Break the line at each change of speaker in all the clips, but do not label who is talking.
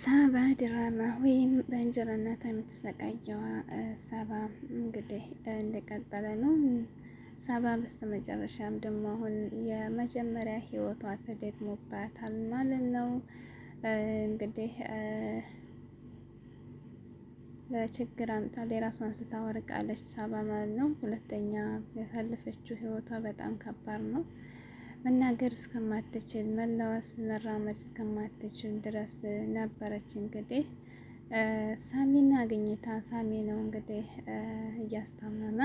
ሳባ ድራማ ወይም በእንጀራ እናቷ የምትሰቃየዋ ሳባ እንግዲህ እንደቀጠለ ነው። ሳባ በስተመጨረሻም ደግሞ አሁን የመጀመሪያ ህይወቷ ተደግሞባታል ማለት ነው። እንግዲህ ለችግር አምጣል የራሷን ስታወርቃለች ሳባ ማለት ነው። ሁለተኛ ያሳለፈችው ህይወቷ በጣም ከባድ ነው። መናገር እስከማትችል መላወስ መራመድ እስከማትችል ድረስ ነበረች። እንግዲህ ሳሚና አግኝታ ሳሚ ነው እንግዲህ እያስታመመ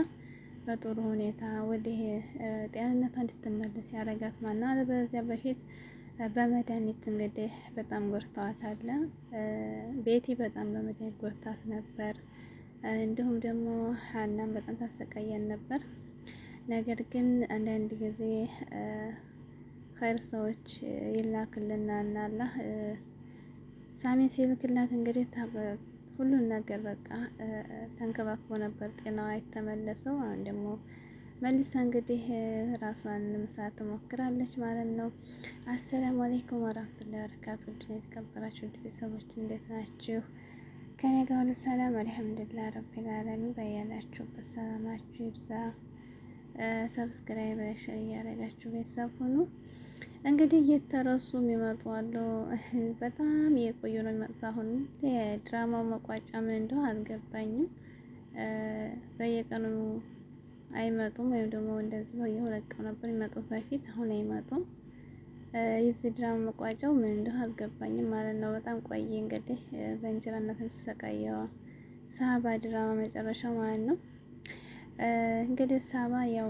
በጥሩ ሁኔታ ወደ ጤንነቷ እንድትመለስ ያደረጋት ማና በዚያ በፊት በመድኃኒት እንግዲህ በጣም አለ ቤቲ በጣም በመድኃኒት ጎርታት ነበር። እንዲሁም ደግሞ ሀናም በጣም ታሰቃየን ነበር። ነገር ግን አንዳንድ ጊዜ ኸይር ሰዎች ይላክልና እና አላህ ሳሚን ሲልክላት እንግዲህ ሁሉን ነገር በቃ ተንከባክቦ ነበር ጤናዋ የተመለሰው። አሁን ደግሞ መልሳ እንግዲህ ራሷን መስራት ትሞክራለች ማለት ነው። አሰላሙ አለይኩም ወራህመቱላሂ ወበረካቱ። ውድ የተከበራችሁ ውድ ቤተሰቦች እንዴት ናችሁ? ከኔ ጋር ሁሉ ሰላም አልሐምዱሊላህ ረቢል ዓለሚን። በያላችሁበት ሰላማችሁ ይብዛ። ሰብስክራይብ ሸር እያደረጋችሁ ቤተሰብ ሁኑ። እንግዲህ እየተረሱ የሚመጡ አሉ። በጣም የቆዩ ነው የሚመጡት። አሁን የድራማው መቋጫ ምን እንደሆነ አልገባኝም። በየቀኑ አይመጡም፣ ወይም ደግሞ እንደዚህ በየሁለት ቀኑ ነበር የሚመጡት በፊት፣ አሁን አይመጡም። የዚህ ድራማ መቋጫው ምን እንደሆነ አልገባኝም ማለት ነው። በጣም ቆየ። እንግዲህ በእንጀራነት ተሰቃየዋ ሳባ ድራማ መጨረሻው ማለት ነው። እንግዲህ ሳባ ያው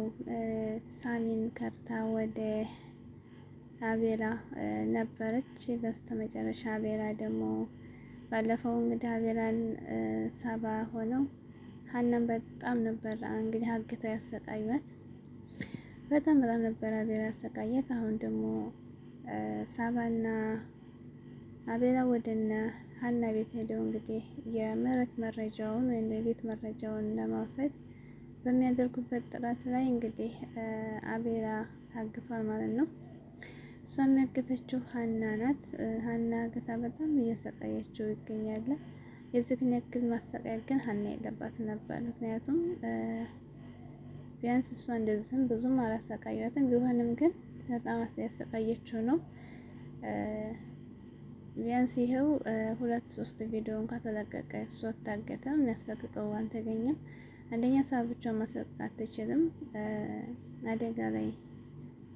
ሳሚን ከርታ ወደ አቤላ ነበረች። በስተመጨረሻ አቤላ ደግሞ ባለፈው እንግዲህ አቤላን ሳባ ሆነው ሀናን በጣም ነበር እንግዲህ አግተው ያሰቃዩት። በጣም በጣም ነበር አቤላ ያሰቃያት። አሁን ደግሞ ሳባና አቤላ ወደነ ሀና ቤት ሄደው እንግዲህ የምህረት መረጃውን ወይም የቤት መረጃውን ለማውሰድ በሚያደርጉበት ጥረት ላይ እንግዲህ አቤላ ታግቷል ማለት ነው። እሷም ያገተችው ሀና ናት። ሀና ገታ በጣም እያሰቃየችው ይገኛል። የዚህን ያክል ማሰቃየት ግን ሀና የለባት ነበር። ምክንያቱም ቢያንስ እሷ እንደዚህም ብዙም አላሰቃያትም። ቢሆንም ግን በጣም ያሰቃየችው ነው። ቢያንስ ይኸው ሁለት ሶስት ቪዲዮ እንኳ ተለቀቀ። እሱ አታገተም፣ የሚያስለቅቀው አልተገኘም። አንደኛ ሰው ብቻ ማሰቃየት አትችልም። አደጋ ላይ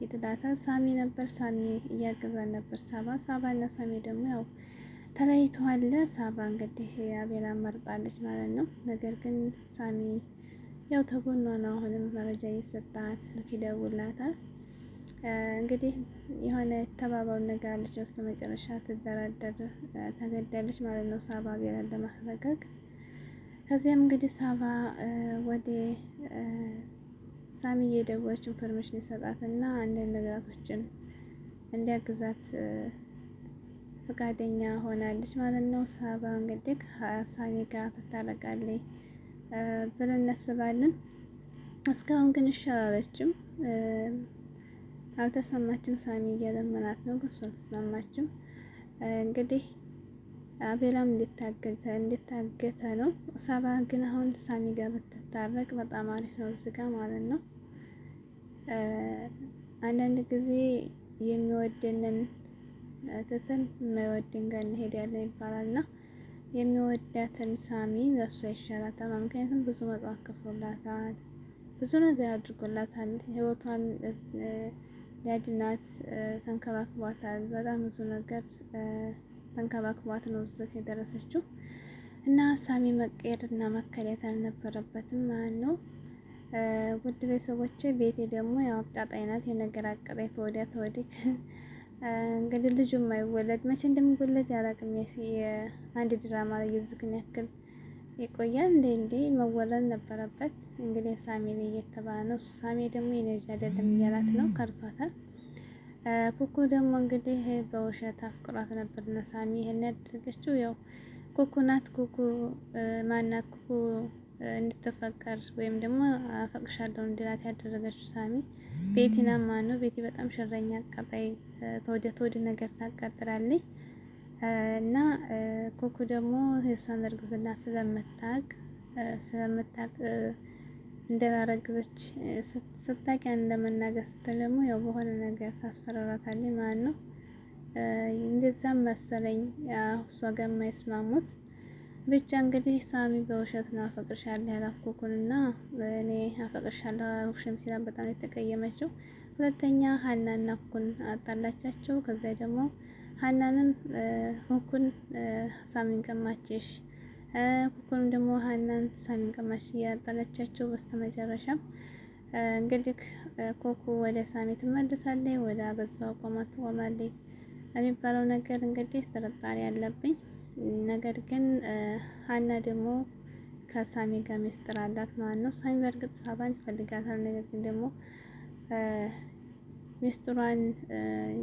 የተዳተን ሳሚ ነበር። ሳሚ እያገዛን ነበር ሳባ። ሳባ እና ሳሚ ደግሞ ያው ተለያይተዋል። ሳባ እንግዲህ አቤላ መርጣለች ማለት ነው። ነገር ግን ሳሚ ያው ተጎኗ ነው አሁንም መረጃ እየሰጣት ስልክ ይደውላታል። እንግዲህ የሆነ የተባባሉ ነገር አለች። በስተ መጨረሻ ትደራደር ተገዳለች ማለት ነው ሳባ አቤላን ለማስለቀቅ። ከዚያም እንግዲህ ሳባ ወደ ሳሚ የደወች ኢንፎርሜሽን ሰጣትና አንዳንድ ነገራቶችን እንዲያግዛት ፈቃደኛ ሆናለች ማለት ነው። ሳባ እንግዲህ ሳሚ ጋር ትታረቃለች ብለን እናስባለን። እስካሁን ግን እሺ አልተሰማችም። ሳሚ እየለመናት ነው፣ ግን እሱ አልተስማማችም እንግዲህ አቤላም እንድታገተ ነው። ሰባ ግን አሁን ሳሚ ጋር ብትታረቅ በጣም አሪፍ ነው እዚህ ጋር ማለት ነው። አንዳንድ ጊዜ የሚወደንን ትተን የማይወድን ጋር እንሄዳለን ይባላል እና የሚወዳትን ሳሚ ለእሷ ይሻላታል። ምክንያቱም ብዙ መጽዋት ከፍሎላታል፣ ብዙ ነገር አድርጎላታል፣ ህይወቷን ሊያድናት ተንከባክቧታል። በጣም ብዙ ነገር ተንከባክቧት ነው እዚህ የደረሰችው። እና ሳሚ መቀየር እና መከለት አልነበረበትም ማለት ነው። ውድ ቤተሰቦቼ ቤቴ ደግሞ ያው አቃጣይ ናት። የነገር አቃጣይ ተወዲያ ተወዲክ እንግዲህ ልጁ የማይወለድ መቼ እንደሚወለድ ያላቅም። የአንድ ድራማ ላይ የዝክን ያክል ይቆያል እንደ እንዴ መወለድ ነበረበት። እንግዲህ ሳሚ ላይ እየተባለ ነው። ሳሚ ደግሞ የነጃ አይደለም እያላት ነው። ከርቷታል ኩኩ ደግሞ እንግዲህ በውሸት አፍቅሯት ነበር ነሳሚ ይሄን ያደረገችው ያው ኩኩ ናት። ኩኩ ማናት? ኩኩ እንድትፈቀር ወይም ደግሞ አፈቅሻለሁ እንድላት ያደረገችው ሳሚ ቤቲና ማን ነው? ቤቲ በጣም ሸረኛ አቃጣይ፣ ተወደ ተወደ ነገር ታቃጥራለች። እና ኩኩ ደግሞ የእሷን እርግዝና ስለምታቅ ስለምታቅ እንዳላረገዘች ስታቂ እንደመናገር ስትል ደግሞ ያው በሆነ ነገር ታስፈራራታለች ማለት ነው። እንደዛም መሰለኝ እሷ ጋር የማይስማሙት ብቻ እንግዲህ ሳሚ በውሸት ነው አፈቅርሻለሁ ያላት ኩኩን እና እኔ አፈቅርሻለሁ አልኩሽም ሲላ በጣም የተቀየመችው። ሁለተኛ ሀናና ኩኩን አጣላቻቸው። ከዛ ደግሞ ሀናንም ኩኩን ሳሚን ቀማችሽ ኩኩም ደግሞ ሀናን ሳሚን ቅማሽ እያጠለቻቸው በስተመጨረሻ እንግዲህ ኩኩ ወደ ሳሚ ትመልሳለች፣ ወደ አበዛው አቋማ ትቆማለች የሚባለው ነገር እንግዲህ ጥርጣሬ አለብኝ። ነገር ግን ሀና ደግሞ ከሳሚ ጋር ሚስጥር አላት ማለት ነው። ሳሚ በእርግጥ ሳባን ይፈልጋታል። ነገር ግን ደግሞ ሚስጥሯን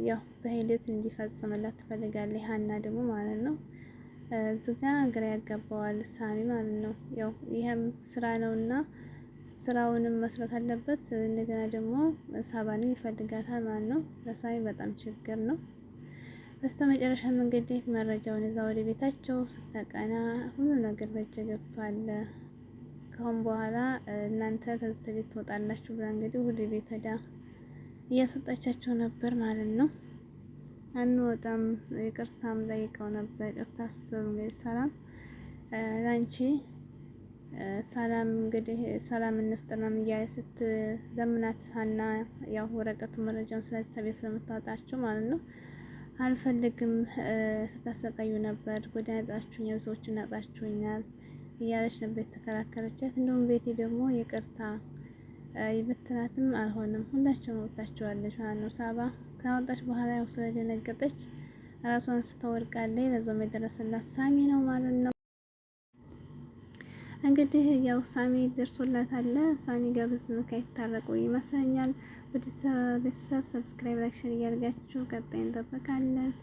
ያው በሂደት እንዲፈጽምላት ትፈልጋለች ሀና ደግሞ ማለት ነው። እዚህ ጋ ግራ ያጋባዋል ሳሚ ማለት ነው። ያው ይህም ስራ ነውና ስራውንም መስራት አለበት። እንደገና ደግሞ ሳባንም ይፈልጋታል ማለት ነው። ለሳሚ በጣም ችግር ነው። በስተ መጨረሻም እንግዲህ መረጃውን እዛ ወደ ቤታቸው ስታቀና ሁሉ ነገር በእጅ ገብቷል። በኋላ እናንተ ከዚህ ቤት ትወጣላችሁ ብላ እንግዲህ ወደ ቤት ሄዳ እያስወጣቻቸው ነበር ማለት ነው። አንወጣም ይቅርታም ጠይቀው ነበር። ይቅርታ ስትል እንግዲህ ሰላም ላንቺ ሰላም እንግዲህ ሰላም እንፍጠር ምናምን እያለ ስትለምናት ሀና ያው ወረቀቱ መረጃውን ስለዚህ ተቤት ስለምታወጣችሁ ማለት ነው አልፈልግም ስታሰቃዩ ነበር ጎዳና ጣችሁኝ፣ ብዙዎቹን አጣችሁኛል እያለች ነበር የተከራከረቻት። እንዲሁም ቤቴ ደግሞ ይቅርታ ይበትናትም አልሆነም። ሁላቸውም ወጣችኋለች ማለት ነው። ሳባ ከወጣች በኋላ ያው ስለደነገጠች ራሷን ስተወድቃለች። ለዞም የደረሰላት ሳሚ ነው ማለት ነው። እንግዲህ ያው ሳሚ ደርሶላት አለ። ሳሚ ጋር ብዙ ይታረቁ ይመስለኛል። ወደ ቤተሰብ ሰብስክራይብ፣ ላይክ፣ ሼር እያደረጋችሁ ቀጣይ እንጠብቃለን።